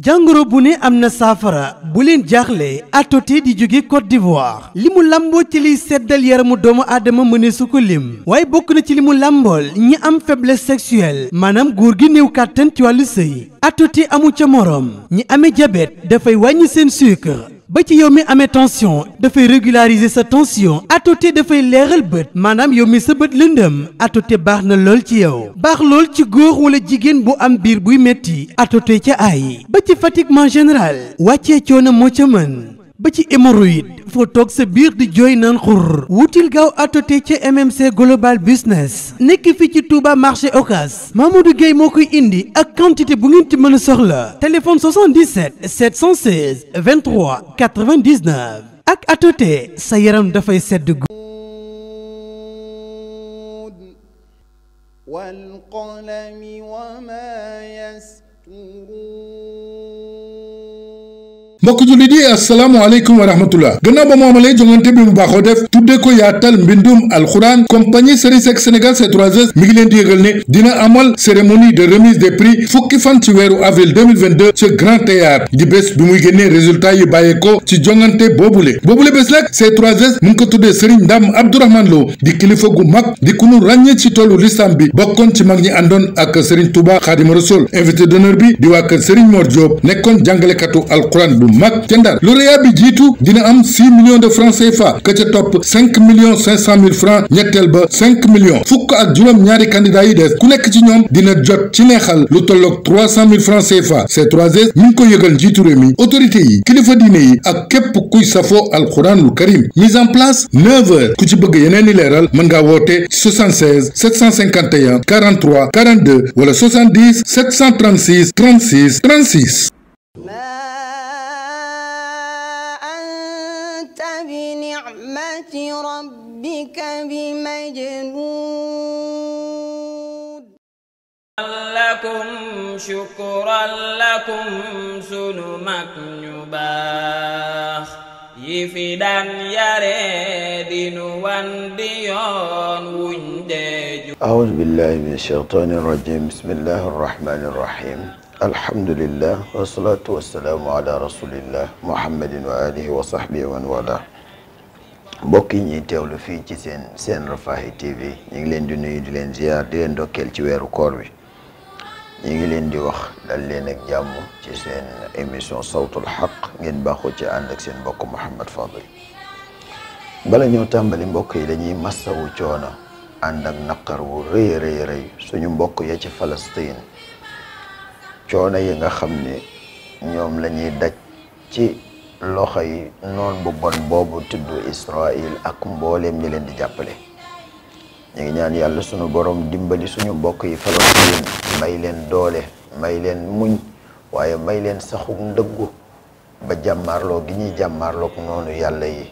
jàngoro bu ne am na saafara bu leen jaaxle atoti di jóge Côte d'Ivoire li mu làmboo ci liy seddal yaramu doomu aadama mëneesu ko lim waaye bokk na ci li mu làmbool ñi am faiblesse sexuelle maanaam góor gi néew kàttan ci wàllu sëy atoti amu ca moroom ñi amee diabète dafay wàññi seen kër ba ci yow mi amee tension dafay régulariser sa tension atoté dafay leeral bët maanaam yow mi sa bët lëndëm atoté baax na lool ci yow baax lool ci góor wala jigéen bu am biir buy metti atoté ca ay ba ci fatiguement général wàccee coono moo ca mën ba ci hémorroïde foo toog sa biir di jooy naan xur wutil gaaw atoté ca MMC Global Business nekk fii ci Touba marché Ocass Mamadou Gueye moo koy indi ak quantité bu ngeen ci mën a soxla téléphone 77 716 23 99 ak atoté sa yaram dafay sedd gu mbokk jullit yi asalaamaaleykum wa rahmatullah gannaaw ba mu amalee jongante bi mu baaxoo def tudde ko yaatal mbindum alxuraan compagnie Serigne Seck Sénégal C3S mi ngi leen di yëgal ne dina amal cérémonie de remise des prix fukki fan ci weeru avril 2022 ci Grand Théâtre di bés bi muy génnee résultat yi bàyyeekoo ci jongante boobu boobule bés nag C3S mu ko tuddee Serigne Ndam Abdourahmane Lo di kilifa gu mag di ku nu ràññee ci tollu lislam bi bokkoon ci mag ñi àndoon ak Serigne Touba Khadim Rassoul invité d'honneur bi di waa kër Serigne Mor nekkoon jàngalekatu alxuraan bu mag ca Ndar lauréat bi jiitu dina am six millions de francs CFA ka ca topp cinq millions mille francs ñetteel ba cinq millions fukk ak juróom-ñaari candidats yi des ku nekk ci ñoom dina jot ci neexal lu tolloog trois cent mille francs CFA C3S ngi ko yëgal njiitu réew mi autorité yi kilifa diine yi ak képp kuy safoo alxuraanul karim mise en place neuf heures ku ci bëgg yeneen i leeral mën ngaa woote 76 751 43 42 wala 70 736 36 36. shukran lakum sunu mag ñu baax yi fi daan yare dinu wan di yoon wuñ deju a'uuzu billahi min ash-shaytaani rajim bismillahi arrahmani arrahim alhamdulillah wassalatu wassalaamu ala rasulillah muhammadin wa alihi wa sahbihi wa man wala mbokk yi ñuy teewlu fii ci seen seen Rafaahi TV ñu ngi leen di nuyu di leen ziyaar di leen dokkeel ci weeru koor bi ñi ngi leen di wax dal leen ak ci seen émission sawtul xaq ngeen baaxoo ci ànd ak seen mbokk Mouhamed Fadil bala ñoo tàmbali mbokk yi dañuy massawu coono ànd ak naqar wu rëy rëy rëy suñu mbokk ya ci Palestine coono yi nga xam ni ñoom la ñuy daj ci loxo yi noon bu bon boobu tudd Israël ak mbooleem ñi leen di jàppale ñu ngi ñaan yàlla sunu borom dimbali suñu mbokk yi Palestine may leen doole may leen muñ waaye may leen saxu ndëggu ba jàmmaarloo gi ñuy jàmmaarloog noonu yàlla yi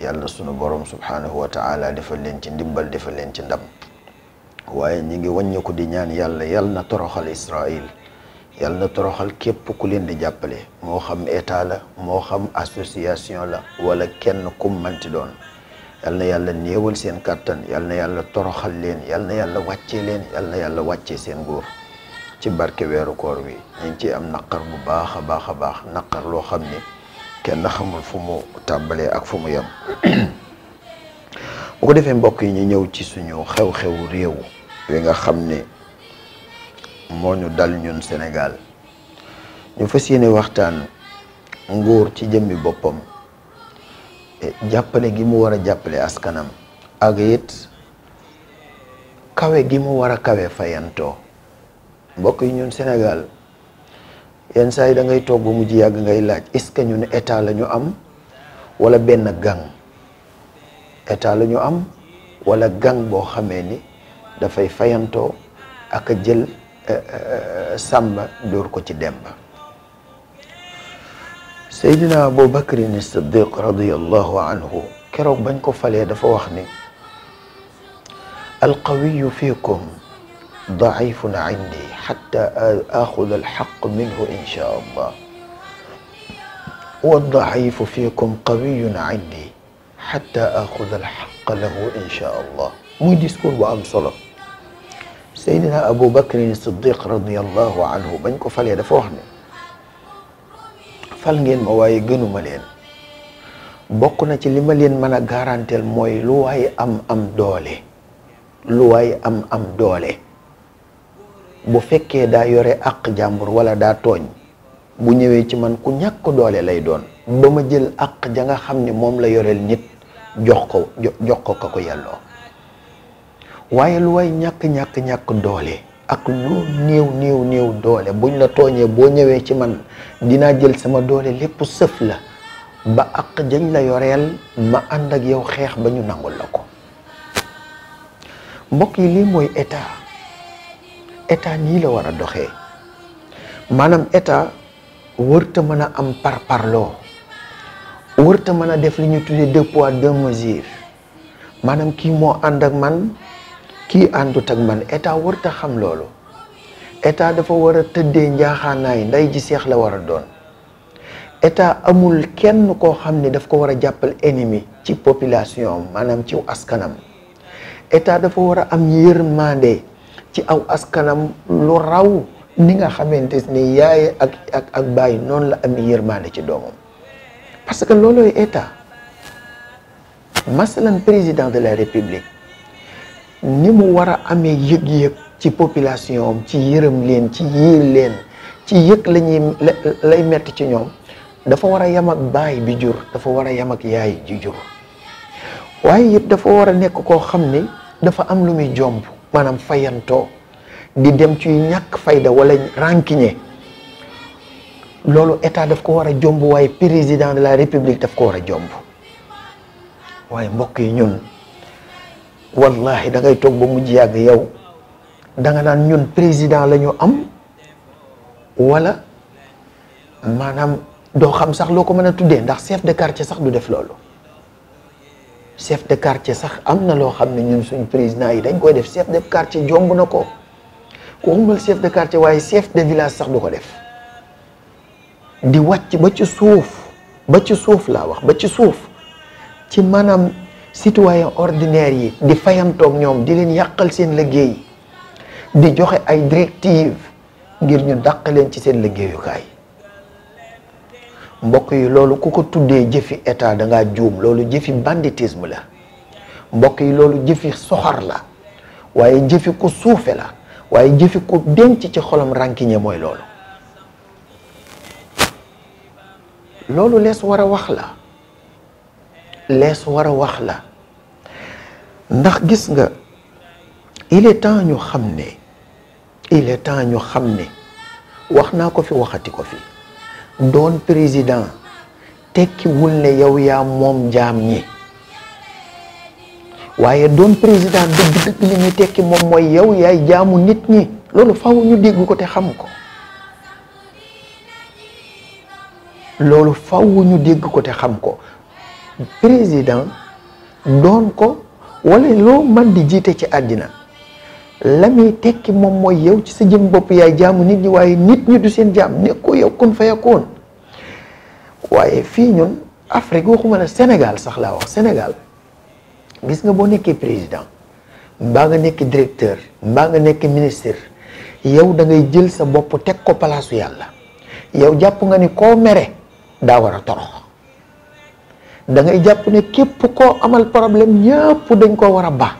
yàlla sunu borom subhanahu wa taala defal dimbal ci ndimbal leen ci ndam waaye ñi ngi wàññiku di ñaan yàlla yàlla na toroxal Israël yàlla na toroxal képp ku leen di jàppale moo xam état moo xam association la wala kenn kum manti doon yal na yàlla néewal seen kàttan yal na yàlla toroxal leen yal na yàlla wàccee leen yal na yàlla wàccee seen nguur ci barke weeru koor wi dañ ci am naqar bu baax a baax a baax naqar loo xam ni kenn xamul fu mu tàmbalee ak fu mu yam bu ko defee mbokk yi ñu ñëw ci suñu xew-xewu réew wi nga xam ni moo ñu dal ñun Sénégal ñu fas yéene waxtaan nguur ci jëmmi boppam jàppale gi mu war a jàppale askanam ak yit kawe gi mu war a kawe fayantoo mbokk yi ñun senegal yenn saa yi dangay toog ba mu yàgg ngay laaj est-ce que ñun état la ñu am walla benn gang état lañu am walla gang boo xamee ni dafay fayantoo ak a jël eh, eh, eh, sàmba dóor ko ci demba Seydina Aboubakrin Siddiq radiyallahu anhu keroog bañ ko falee dafa wax ni alqawiyu fiikum daifun indi xatta axuda alxaq minhu insha allah waddaifu fiikum qawiyun indi xatta axuda alxaq lahu insha allah muy discours bu am solo Seydina Aboubakrin Siddiq radiyallahu anhu bañ ko falee dafa wax ni fal ngeen ma waaye gënuma leen bokk na ci li ma leen mën a garanteel mooy lu waaye am am doole lu waay am am doole bu fekkee daa yore ak jàmbur wala daa tooñ bu ñëwee ci man ku ñàkk doole lay doon ba ma jël àq ja nga xam ni moom la yoreel nit jox ko jox ko ko yàlloo waaye lu way ñàkk ñàkk ñàkk doole ak lu néew néew néew doole buñ la tooñee boo ñëwee ci man dinaa jël sama doole lépp sëf la ba ak jañ la yoreel ma ànd ak yow xeex ba ñu nangul la ko mbokk yi lii mooy état état nii la war a doxee maanaam état wërta mën a am par parloo wërta mën a def li ñu tuddee deux poids deux mesures maanaam kii moo ànd ak man kii àndut ak man état warut a xam loolu état dafa war a tëddee njaaxaanaay nday ji seex la war a doon état amul kenn koo xam ni daf ko war a jàppal ennemi ci population am maanaam ci askanam état dafa war a am yërmande ci aw askanam lu raw ni nga xamante ni yaay ak ak ak noonu la am yërmande ci doomam parce que loolooy état masalan président de la république ni mu war a amee yëg-yëg ci population ci yërëm leen ci yiir leen ci yëg la lay metti ci ñoom dafa war a yam ak baay bi jur dafa war a yem ak yaay ji jur waaye yëpp dafa war a nekk koo xam ni dafa am lu muy jomb maanaam fayantoo di dem ci ñàkk fayda wala rànkiñe loolu état daf ko war a jomb waaye président de la république daf ko war a jomb waaye mbokk yi ñun wallahi da ngay toog ba ji yàgg yow da nga naan ñun président la ñu am wala maanaam doo xam sax loo ko mën a tuddee ndax chef de quartier sax du def loolu chef de quartier sax am na loo xam ne ñun suñu président yi dañ koy def chef de quartier jomb na ko waxumal chef de quartier waaye chef de village sax du ko def di wàcc ba ci suuf ba ci suuf laa wax ba ci suuf ci maanaam citoyen ordinaire yi di fayantoog ñoom di leen yàqal seen liggéey di joxe ay directive ngir ñu dàq leen ci seen liggéeyukaay mbokk yi loolu ku ko tuddee jëfi état danga ngaa juum loolu jëfi banditisme la mbokk yi loolu jëfi soxar la waaye jëfi ku suufe la waaye jëfi ku denc ci xolam rànkiñe mooy loolu loolu lees war a wax la lees war a wax la ndax gis nga il temps ñu xam ne il est temps ñu xam ne wax naa ko fi waxati ko fi doon président tekkiwul ne yow yaa moom jaam ñi waaye doon président dëgg-dëgg li ñu tekki moom mooy yow yaay jaamu nit ñi loolu faw ñu dégg ko te xam ko loolu faw ñu dégg ko te xam ko président doon ko wala loo man di jiite ci àddina la muy tekki moom mooy yow ci sa jëm bopp yaay jaamu nit ñi waaye nit ñi du seen jaam nekkoo yow kun fa yakkoon waaye fii ñun Afrique waxuma la Sénégal sax laa wax Sénégal gis nga boo nekkee président mbaa nga nekk directeur mbaa nga nekk ministre yow dangay jël sa bopp teg ko palaasu yàlla yow jàpp nga ni koo mere daa war a torox da ngay jàpp ne képp koo amal problème ñëpp dañ ko war a ba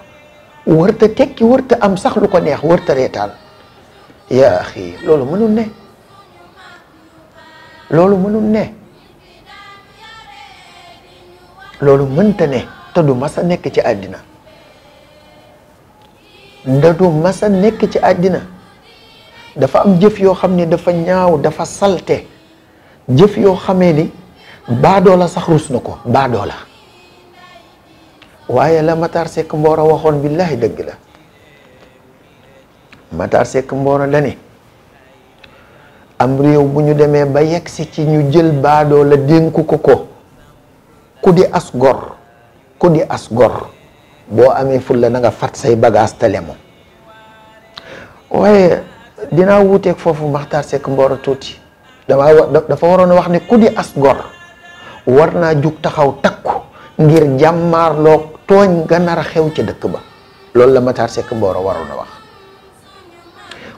wërta tekki wërta am sax lu ko neex wërta reetaan yaa loolu mënul ne loolu mënul ne loolu mënta ne te du masa nekk ci àddina da masa nekk ci àddina dafa am jëf yoo xam ne dafa ñaaw dafa salte jëf yoo xamee ni baadoola sax rus na ko baadoola waaye la Matar Seck Mboro waxoon billahi dëgg la Matar Seck Mboro dani am réew bu ñu demee ba yegsi ci ñu jël baadoola dénku ko ko ku di as gor ku di as gor boo amee fulla na nga fat say bagaas te lemu waaye dinaa wuuteeg foofu Matar Seck Mboro tuuti dama dafa waroon a wax ne ku di as gor war naa jug taxaw takku ngir jàmmaarloog tooñ ga nar a xew ca dëkk ba loolu la Matar Seck Mboro waroon a wax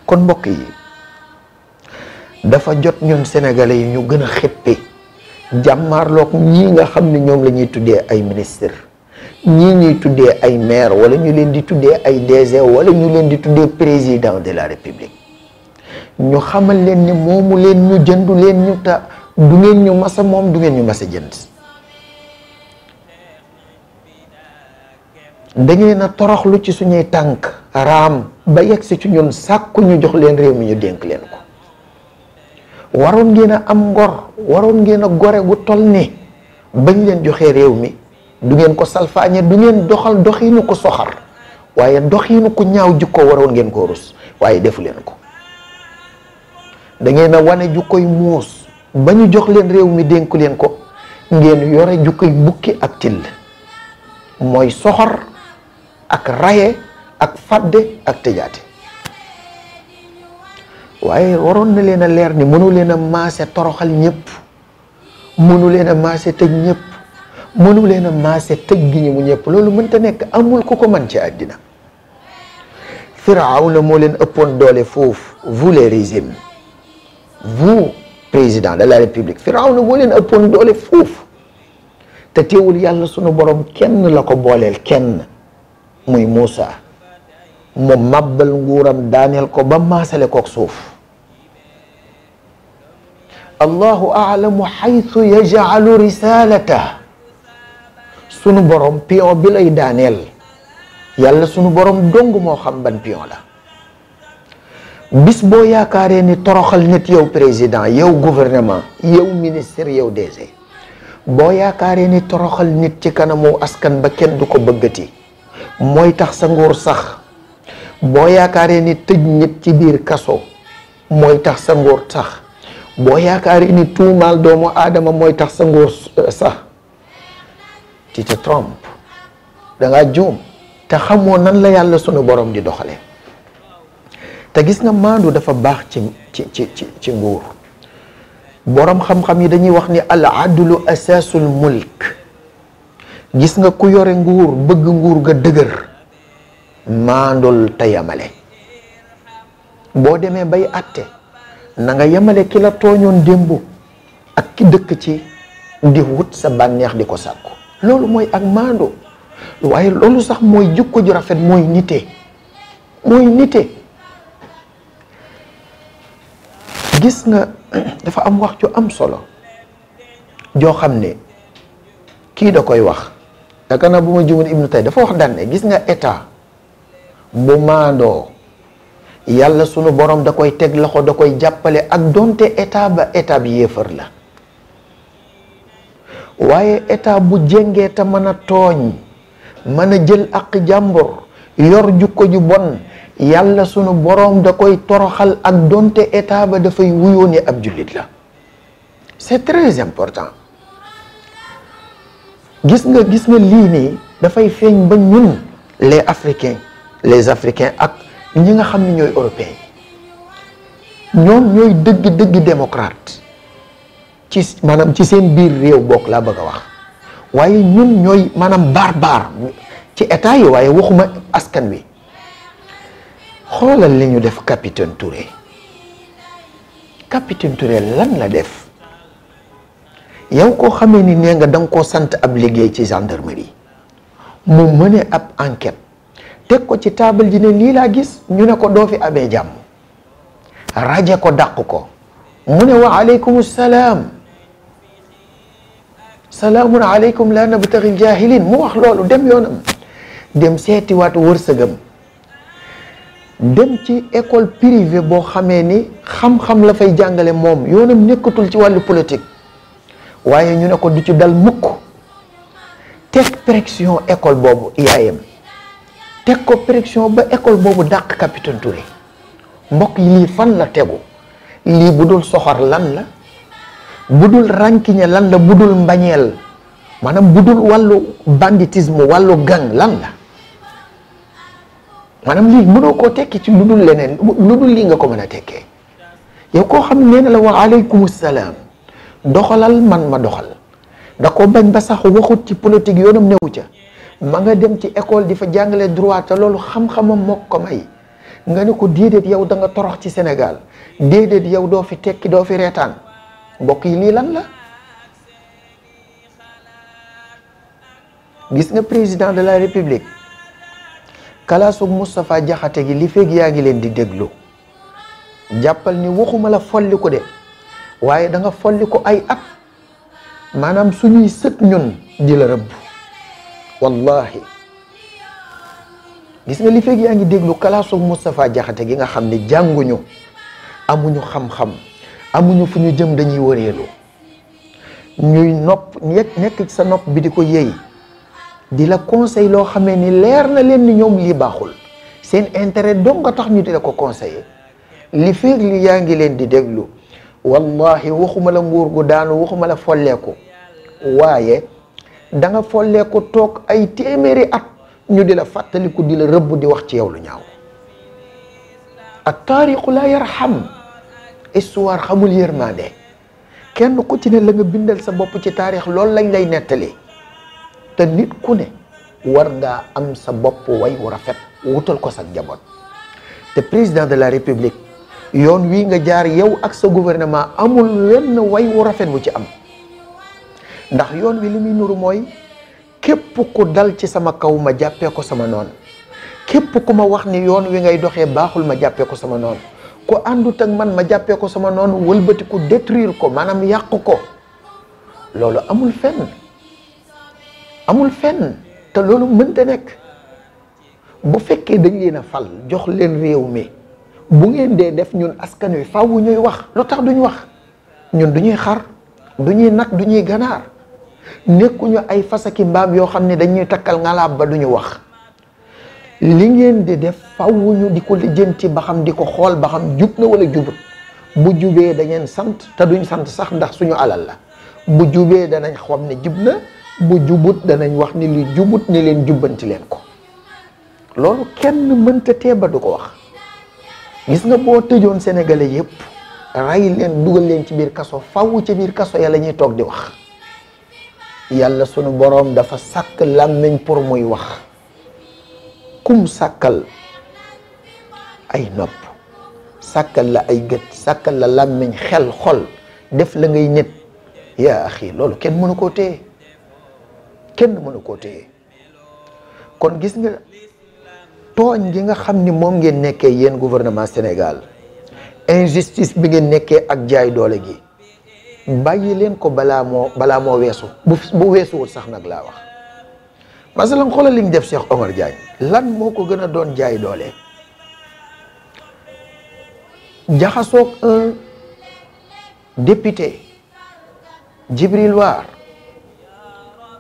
kon mbokk yi dafa jot ñun sénégalais yi ñu gën a xëppe jàmmaarlook ñii nga xam ne ñoom lañuy tuddee ay ministre ñii ñuy tuddee ay maire wala ñu leen di tuddee ay DG wala ñu leen di tuddee président de la république ñu xamal leen ni moomu leen ñu jëndu leen ñu ta du ngeen ñu masa moom du ngeen ñu mas a jënd dangeen a toroxlu ci suñuy tànk raam ba yegg si ci ñun sàkku ñu jox leen réew mi ñu dénk leen ko waroon ngeen a am ngor waroon ngeen a gore gu tol ni bañ leen joxee réew mi du ngeen ko salfaañe du ngeen doxal doxinu ko soxar waaye doxinu ko ñaaw jikko waroon ngeen ko rus waaye defu leen ko dangeen a wane jukkoy muus ba ñu jox leen réew mi dénku leen ko ngeen yore jukkoy bukki ak till mooy soxor ak raye ak fàdde ak tëjaate waaye waroon na leen a leer ni mënu leen a maase toroxal ñépp mënu leen a maase tëj ñëpp mënu leen a maase tëj gi ñi mu ñëpp loolu mënta nekk amul ku ko man ci àddina Firawna moo leen ëppoon doole foofu vous les régime vous président de la république Firawna moo leen ëppoon doole foofu te teewul yàlla sunu borom kenn la ko booleel kenn muy Moussa mu màbbal nguuram daaneel ko ba maasale kook suuf allahu aalamu xaytu yajalu risalata sunu borom pion bi lay daaneel yàlla sunu borom dong moo xam ban pion la bis boo yaakaaree ni toroxal nit yow président yow gouvernement yow ministre yow DG boo yaakaaree ni toroxal nit ci kanamu askan ba kenn du ko bëggati mooy tax sa nguur sax boo yaakaaree ni tëj nit ci biir kaso mooy tax sa nguur sax boo yaakaaree ni tuumaal doomu aadama mooy tax sa nguur euh, sax tu te trompes da ngaa te xamoo nan la yàlla sunu borom di doxalee. te gis nga maandu dafa baax ci ci ci ci ci nguur boroom xam-xam yi dañuy wax ni al adlu asaasul mulk gis nga ku yore nguur bëgg nguur ga dëgër maandul te yamale boo demee bay atte na nga yamale ki la tooñoon démb ak ki dëkk ci di wut sa bànneex di ko sàkku loolu mooy ak maandu waaye loolu sax mooy jikko ju rafet mooy nite mooy nite gis nga dafa am wax ju am solo joo xam ne kii da koy wax yaakaar naa bu ma juumul ibnu tay dafa wax daan gis nga état bu maandoo yàlla sunu boroom da koy teg loxo da koy jàppale ak donte état ba état bi yéefar la waaye état bu jengee te mën a tooñ mën a jël ak jàmbur yor jukko ju bon yàlla sunu boroom da koy toroxal ak donte état ba dafay wuyoo ab jullit la c'est très important gis nga gis nga lii nii dafay feeñ ba ñun les africains les africains ak ñi nga xam ni ñooy européens ñoom ñooy dëgg-dëgg démocrate ci maanaam ci seen biir réew bokk laa bëgg a wax waaye ñun ñooy maanaam barbar ci état yi waaye waxuma askan wi xoolal li ñu def capitaine Touré capitaine Touré lan la def yow koo xamee ni nee nga da nga koo sant ab liggéey ci gendarmerie mu mëne ab enquête teg ko ci taabal ji ne lii laa gis ñu ne ko doo fi amee jàmm raje ko dàq ko mu ne wa aleykum salaam salaamun aleykum la nabtaxil jaahilin mu wax loolu dem yoonam dem seetiwaat wërsëgam dem ci école privée boo xamee ni xam-xam la fay jàngale moom yoonam nekkatul ci wàllu politique waaye ñu ne ko du ci dal mukk teg pression école boobu IAM teg ko pression ba école boobu dàq capitaine Touré mbokk yi lii fan la tegu lii bu dul soxor lan la bu dul rànkiñe lan la bu dul mbañeel maanaam bu dul wàllu banditisme wàllu gang lan la maanaam lii mënoo koo tekki ci lu dul leneen lu dul lii nga ko mën a tekkee yow koo xam nee na la wa aleykum salaam doxalal man ma doxal da ko bañ ba sax waxut ci politique yoonam newu ca ma nga dem ci école di fa jàngale droit te loolu xam-xamam moo ko may nga ne ko déedéet yow danga nga torox ci Sénégal déedéet yow doo fi tekki doo fi reetaan mbokk yi lii lan la gis nga président de la république kalaasu Moustapha Jaxate gi li feeg yaa ngi leen di déglu jàppal ni waxuma la folli de waaye danga nga ay at maanaam suñuy sët ñun di la rëbb wallahi gis nga li feeg yaa ngi déglu kalaasu Moustapha Jaxate gi nga xam ne jànguñu amuñu xam-xam amuñu fu ñu jëm dañuy wëreelu ñuy nopp nekk sa nopp bi di ko yéey di la conseil loo xamee ni leer na leen ni ñoom lii baaxul seen intérêt dong nga tax ñu di la ko conseil li feeg li yaa ngi leen di déglu wallahi waxuma la nguur gu daanu waxuma la folleeku waaye danga nga folleeku toog ay téeméeri at ñu di la fàttaliku di la rëbb di wax ci yow lu ñaaw ak taariqu la yarham histoire xamul yërmande kenn ku ci ne la nga bindal sa bopp ci taarix loolu lañ lay nettali te nit ku ne war ngaa am sa bopp way wu rafet wutal ko sa jaboot te président de la république yoon wi nga jaar yow ak sa gouvernement amul wenn way wu rafet wu ci am ndax yoon wi li muy nuru mooy képp ku dal ci sama kaw ma jàppee ko sama noon képp ku ma wax ni yoon wi ngay doxee baaxul ma jàppee ko sama noon ku àndut ak man ma jàppee ko sama noon wëlbati ku ko maanaam yàq ko loolu amul fenn amul fenn te loolu mënta nekk bu fekkee dañ leen a fal jox leen réew mi bu ngeen dee def ñun askan wi faaw ñuy wax lu tax duñu wax ñun duñuy xar duñuy nag duñuy ñuy ganaar nekkuñu ay fasaki mbaam yoo xam ne dañuy takkal ngalaab ba duñu wax li ngeen di def faw ñu di ko lijjanti ba xam di ko xool ba xam jub na wala jubut bu jubee da sant te duñ sant sax ndax suñu alal la bu jubee danañ xam ne jub na bu jubut danañ wax ni li jubut ni leen jubbanti leen ko loolu kenn mënta tee ba du ko wax gis nga boo tëjoon sénégalais yépp ray leen dugal leen ci biir kaso faw ci biir kaso ya la ñuy toog di wax yàlla sunu boroom dafa sàkk làmmiñ pour muy wax kum sàkkal ay nopp sàkkal la ay gët sàkkal la làmmiñ xel xol def la ngay nit yaa axi loolu kenn mënu koo téye kenn mënu koo téye kon gis nga tooñ gi nga xam ni moom ngeen nekkee yéen gouvernement Sénégal injustice bi ngeen nekkee ak jaay doole gi bàyyi leen ko balaa moo balaa moo weesu bu bu weesuwul sax nag laa wax masalan xoolal li ñu def Cheikh Omar jaay lan moo ko gën a doon jaay doole jaxasook un député Djibril War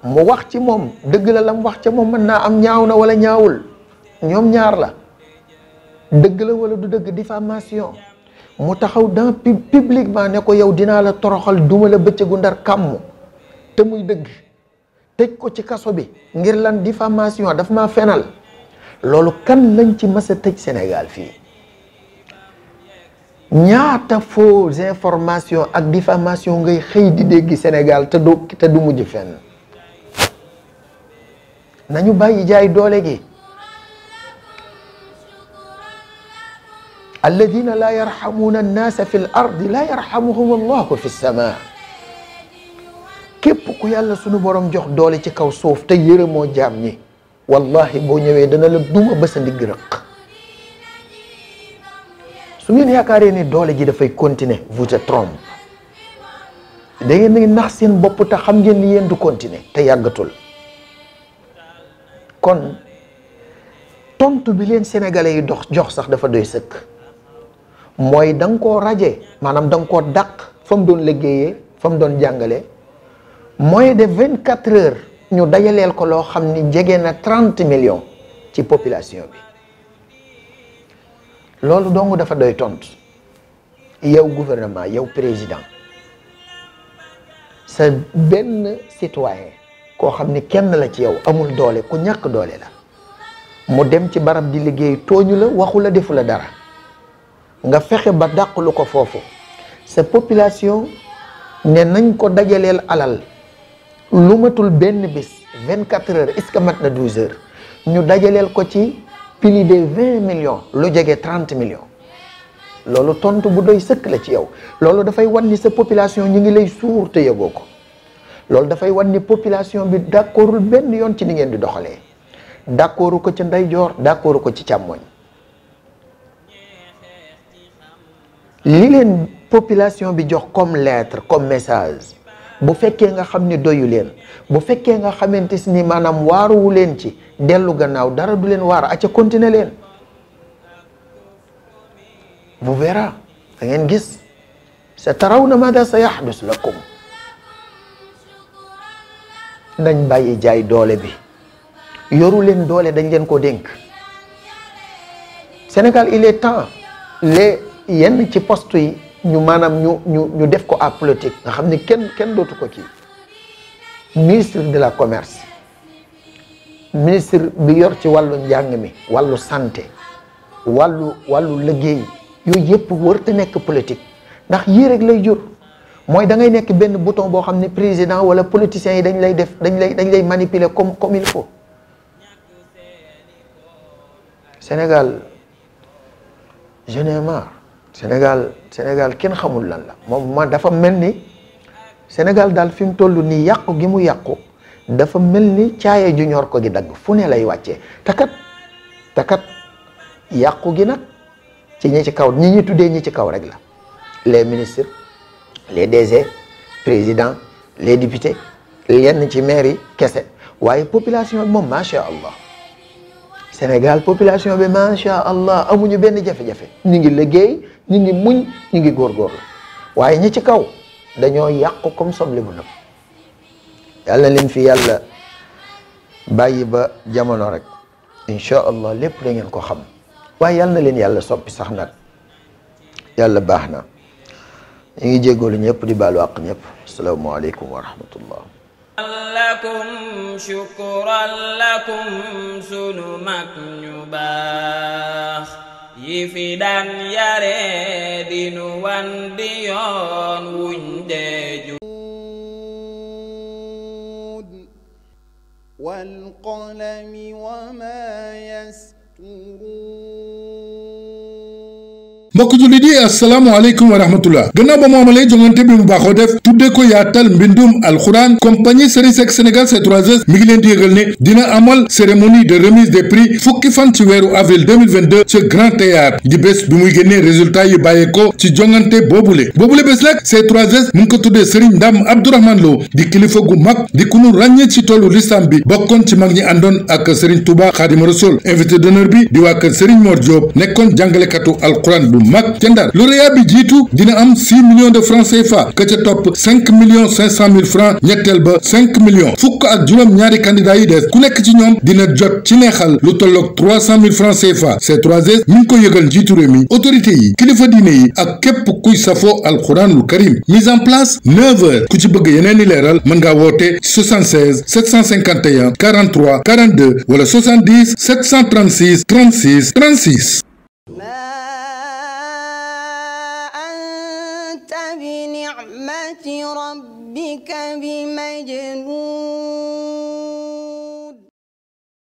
mu wax ci moom dëgg la lam wax ca moom mën naa am ñaaw na wala ñaawul ñoom ñaar la dëgg la wala du dëgg diffamation mu taxaw dans publiquement ne ko yow dinaa la toroxal duma la bëccëgu ndar kàmm te muy dëgg tëj ko ci kaso bi ngir lan diffamation daf maa fenal loolu kan lañ ci mës a tëj Sénégal fii ñaata faux information ak diffamation ngay xëy di dégg Sénégal te du te du fenn nañu bàyyi jaay doole gi alladina laa yarxamuuna annaasa fi l ardi laa yarxamuhum allahu fi lsama képp ku yàlla sunu borom jox doole ci kaw suuf te yërë moo jaam ñi wallahi boo ñëwee dana la duma ba sa ndigg rëq su ngeen yaakaaree ni doole ji dafay continuer vous êtes trompe da ngeen nax seen bopp te xam ngeen ni yéen du continuer te yàggatul kon tontu bi leen sénégalais yi dox jox sax dafa doy sëkk mooy da koo raje maanaam da koo dàq fa mu doon liggéeyee fa mu doon jàngale moins de vingt quatre heures ñu dajaleel ko loo xam ni jege na trente millions ci population bi loolu dong dafa doy tontu yow gouvernement yow président sa benn citoyen koo xam ni kenn la ci yow amul doole ku ñàkk doole la mu dem ci barab di liggéey tooñu la waxu la defu la dara nga fexe ba dàqlu ko foofu sa population ne nañ ko dajaleel alal lu matul benn bis vingt quatre heures est-ce que mat na douze heures ñu dajaleel ko ci plus de vingt million lu jege trente million loolu tontu bu doy sëkk la ci yow loolu dafay wan ni sa population ñu ngi lay suur te yëgoo ko loolu dafay wan ni population bi d'accordul benn yoon ci ni ngeen di doxalee d'accordu ko ci ndeyjoor d'accordu ko ci càmmoñ li leen population bi jox comme lettre comme message bu fekkee nga xam ni doyu leen bu fekkee nga xamante ni maanaam waaruwu leen ci dellu gannaaw dara du leen waar ca continuer leen bu verra da ngeen gis sa taraw na mada sa yahdus lakum nañ bàyyi jaay doole bi yoru leen doole dañ leen ko dénk Sénégal il est temps les yenn ci poste yi ñu maanaam ñu ñu ñu def ko à politique nga xam ni kenn kenn dootu ko ci ministre de la commerce ministre bi yor ci wàllu njàng mi wàllu santé wàllu wàllu liggéey yooyu yëpp wërta nekk politique ndax yii lay jur mooy da ngay nekk benn bouton boo xam ne président wala politiciens yi dañ lay def dañ lay dañ lay manipuler comme comme il faut Sénégal j'en ai Sénégal Sénégal kenn xamul lan la moom ma dafa mel ni Sénégal daal fi mu toll nii yàqu gi mu yàqu dafa mel ni caaye ju ñor ko gi dagg fu ne lay wàccee takat takat yàqu gi nag ci ñi ci kaw ñi ñi tuddee ñi ci kaw rek la les ministres les DG président les députés yenn ci maire yi kese waaye population bi moom macha allah Sénégal population bi macha allah amuñu benn jafe-jafe ñu ngi liggéey ñu ngi muñ ñu ngi góorgóorlu waaye ñi ci kaw dañoo yàqu comme soble bu nëb yàlla leen fi yàlla bàyyi ba jamono rek incha allah lépp da ngeen ko xam waaye yàlla na leen yàlla soppi sax nag yàlla baax na. ñu ngi jéggalu ñëpp di baalu àq ñëpp asalaamaaleykum wa rahmatullah lakum shukran lakum sunu mag ñu baax yi fi daan yare dinu wan di yoon wuñ deju wal qalami wa ma mbokk jullit yi asalaamaaleykum wa rahmatullah gannaaw ba mu amalee jongante bi mu baaxoo def tuddee ko yaatal mbindum alxuraan compagnie Serigne Seck Sénégal C3S mi ngi leen di yëgal ne dina amal cérémonie de remise des prix fukki fan ci weeru avril 2022 ci Grand Théâtre di bés bi muy génnee résultat yi bàyyeekoo ci jongante boobule boobule bés nag C3S mu ngi ko tuddee Serigne Ndam Abdourahmane Lo di kilifa gu mag di ku nu ràññee ci toolu lislam bi bokkoon ci mag ñi àndoon ak Serigne Touba Khadim Rassoul invité d'honneur bi di waa kër Serigne Mor Diop nekkoon jàngalekatu alxuraan bu mag ca Ndar lauréat bi jiitu dina am six millions de francs CFA ka ca topp cinq millions mille francs ñetteel ba cinq millions fukk ak juróom ñaari candidats yi des ku nekk ci ñoom dina jot ci neexal lu tolloog trois cent mille francs CFA C3S ñu ngi ko yëgal njiitu réew mi autorité yi kilifa diine yi ak képp kuy safoo alxuraanul karim mise en place neuf heures ku ci bëgg yeneen leeral mën ngaa woote 76 751 43 42 wala 70 736 36 36.